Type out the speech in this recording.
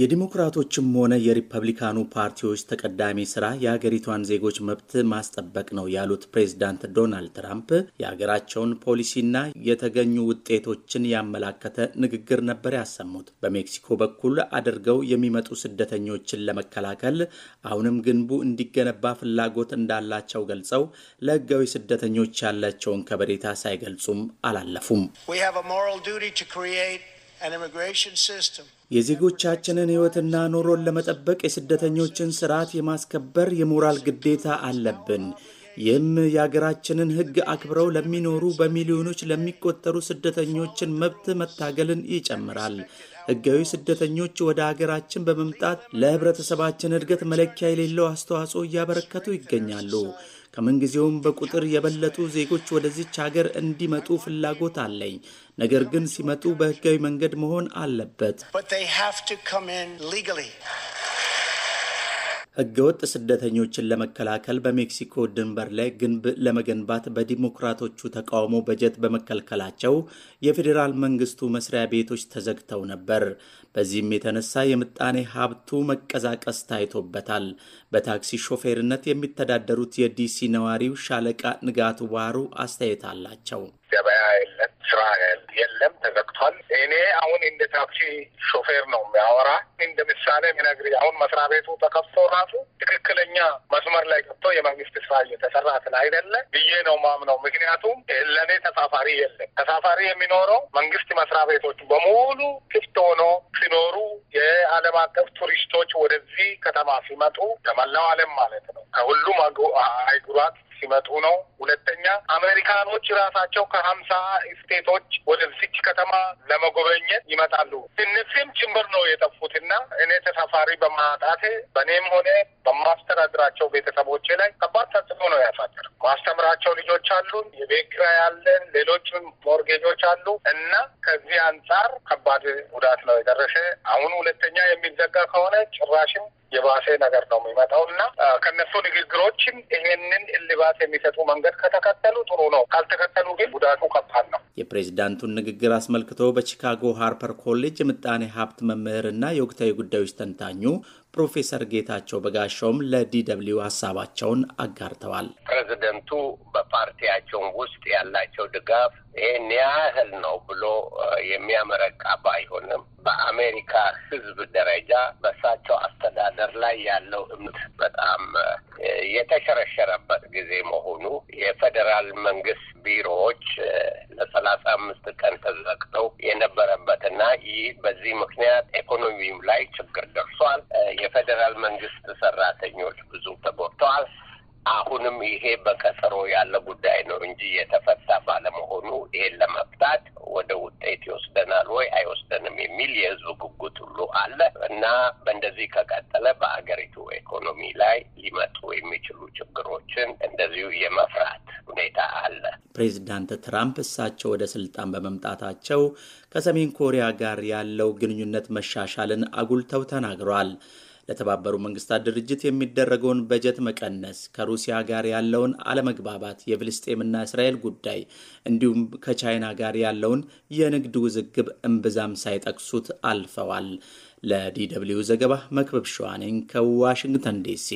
የዲሞክራቶችም ሆነ የሪፐብሊካኑ ፓርቲዎች ተቀዳሚ ስራ የሀገሪቷን ዜጎች መብት ማስጠበቅ ነው ያሉት ፕሬዝዳንት ዶናልድ ትራምፕ የሀገራቸውን ፖሊሲና የተገኙ ውጤቶችን ያመላከተ ንግግር ነበር ያሰሙት። በሜክሲኮ በኩል አድርገው የሚመጡ ስደተኞችን ለመከላከል አሁንም ግንቡ እንዲገነባ ፍላጎት እንዳላቸው ገልጸው ለህጋዊ ስደተኞች ያላቸውን ከበሬታ ሳይገልጹም አላለፉም። የዜጎቻችንን ሕይወትና ኑሮን ለመጠበቅ የስደተኞችን ስርዓት የማስከበር የሞራል ግዴታ አለብን። ይህም የአገራችንን ሕግ አክብረው ለሚኖሩ በሚሊዮኖች ለሚቆጠሩ ስደተኞችን መብት መታገልን ይጨምራል። ሕጋዊ ስደተኞች ወደ አገራችን በመምጣት ለህብረተሰባችን እድገት መለኪያ የሌለው አስተዋጽኦ እያበረከቱ ይገኛሉ። ከምንጊዜውም በቁጥር የበለጡ ዜጎች ወደዚች ሀገር እንዲመጡ ፍላጎት አለኝ። ነገር ግን ሲመጡ በህጋዊ መንገድ መሆን አለበት። ህገወጥ ስደተኞችን ለመከላከል በሜክሲኮ ድንበር ላይ ግንብ ለመገንባት በዲሞክራቶቹ ተቃውሞ በጀት በመከልከላቸው የፌዴራል መንግስቱ መስሪያ ቤቶች ተዘግተው ነበር። በዚህም የተነሳ የምጣኔ ሀብቱ መቀዛቀስ ታይቶበታል። በታክሲ ሾፌርነት የሚተዳደሩት የዲሲ ነዋሪው ሻለቃ ንጋቱ ባህሩ አስተያየት አላቸው። ገበያ የለም፣ ስራ የለም፣ ተዘግቷል። እኔ አሁን እንደ ታክሲ ሾፌር ነው የሚያወራ እንደ ምሳሌ ነግሪ አሁን መስሪያ ቤቱ ተከፍቶ ራሱ ትክክለኛ መስመር ላይ ገብቶ የመንግስት ስራ እየተሰራ አይደለ ብዬ ነው ማምነው። ምክንያቱም ለእኔ ተሳፋሪ የለም። ተሳፋሪ የሚኖረው መንግስት መስሪያ ቤቶች በሙሉ ክፍት ሆኖ ሲኖሩ የዓለም አቀፍ ቱሪስቶች ወደዚህ ከተማ ሲመጡ ከመላው ዓለም ማለት ነው ከሁሉም አይጉራት ሲመጡ ነው። ሁለተኛ አሜሪካኖች ራሳቸው ከሀምሳ ስቴቶች ወደዚች ከተማ ለመጎበኘት ይመጣሉ። እነዚህም ጭምር ነው የጠፉት እና እኔ ተሳፋሪ በማጣቴ በእኔም ሆነ በማስተዳድራቸው ቤተሰቦች ላይ ከባድ ተጽዕኖ ነው ያሳደር። ማስተምራቸው ልጆች አሉ፣ የቤት ኪራይ ያለን፣ ሌሎችም ሞርጌጆች አሉ እና ከዚህ አንጻር ከባድ ጉዳት ነው የደረሰ። አሁን ሁለተኛ የሚዘጋ ከሆነ ጭራሽም የባሰ ነገር ነው የሚመጣው እና ከነሱ ንግግሮችን ይሄንን እልባት የሚሰጡ መንገድ ከተከተሉ ጥሩ ነው፣ ካልተከተሉ ግን ጉዳቱ ከባድ ነው። የፕሬዚዳንቱን ንግግር አስመልክቶ በቺካጎ ሃርፐር ኮሌጅ የምጣኔ ሀብት መምህርና የወቅታዊ ጉዳዮች ተንታኙ ፕሮፌሰር ጌታቸው በጋሻውም ለዲደብሊው ሀሳባቸውን አጋርተዋል። ፕሬዚደንቱ በፓርቲያቸውን ውስጥ ያላቸው ድጋፍ ይህን ያህል ነው ብሎ የሚያመረቃ ባይሆንም በአሜሪካ ሕዝብ ደረጃ በሳቸው አስተዳደር ላይ ያለው እምነት በጣም የተሸረሸረበት ጊዜ መሆኑ የፌዴራል መንግስት ቢሮዎች ለሰላሳ አምስት ቀን ተዘግተው የነበረበትና ይህ በዚህ ምክንያት ኢኮኖሚም ላይ ችግር ደርሷል። የፌዴራል መንግስት ሰራተኞች ብዙ ተጎድተዋል። አሁንም ይሄ በቀጠሮ ያለ ጉዳይ ነው እንጂ የተፈታ ባለመሆኑ ይሄን ለመ የሚል የህዝብ ጉጉት ሁሉ አለ እና በእንደዚህ ከቀጠለ በአገሪቱ ኢኮኖሚ ላይ ሊመጡ የሚችሉ ችግሮችን እንደዚሁ የመፍራት ሁኔታ አለ። ፕሬዚዳንት ትራምፕ እሳቸው ወደ ስልጣን በመምጣታቸው ከሰሜን ኮሪያ ጋር ያለው ግንኙነት መሻሻልን አጉልተው ተናግረዋል። ለተባበሩ መንግስታት ድርጅት የሚደረገውን በጀት መቀነስ፣ ከሩሲያ ጋር ያለውን አለመግባባት፣ የፍልስጤምና እስራኤል ጉዳይ እንዲሁም ከቻይና ጋር ያለውን የንግድ ውዝግብ እምብዛም ሳይጠቅሱት አልፈዋል። ለዲ ደብልዩ ዘገባ መክበብ ሸዋነኝ ከዋሽንግተን ዲሲ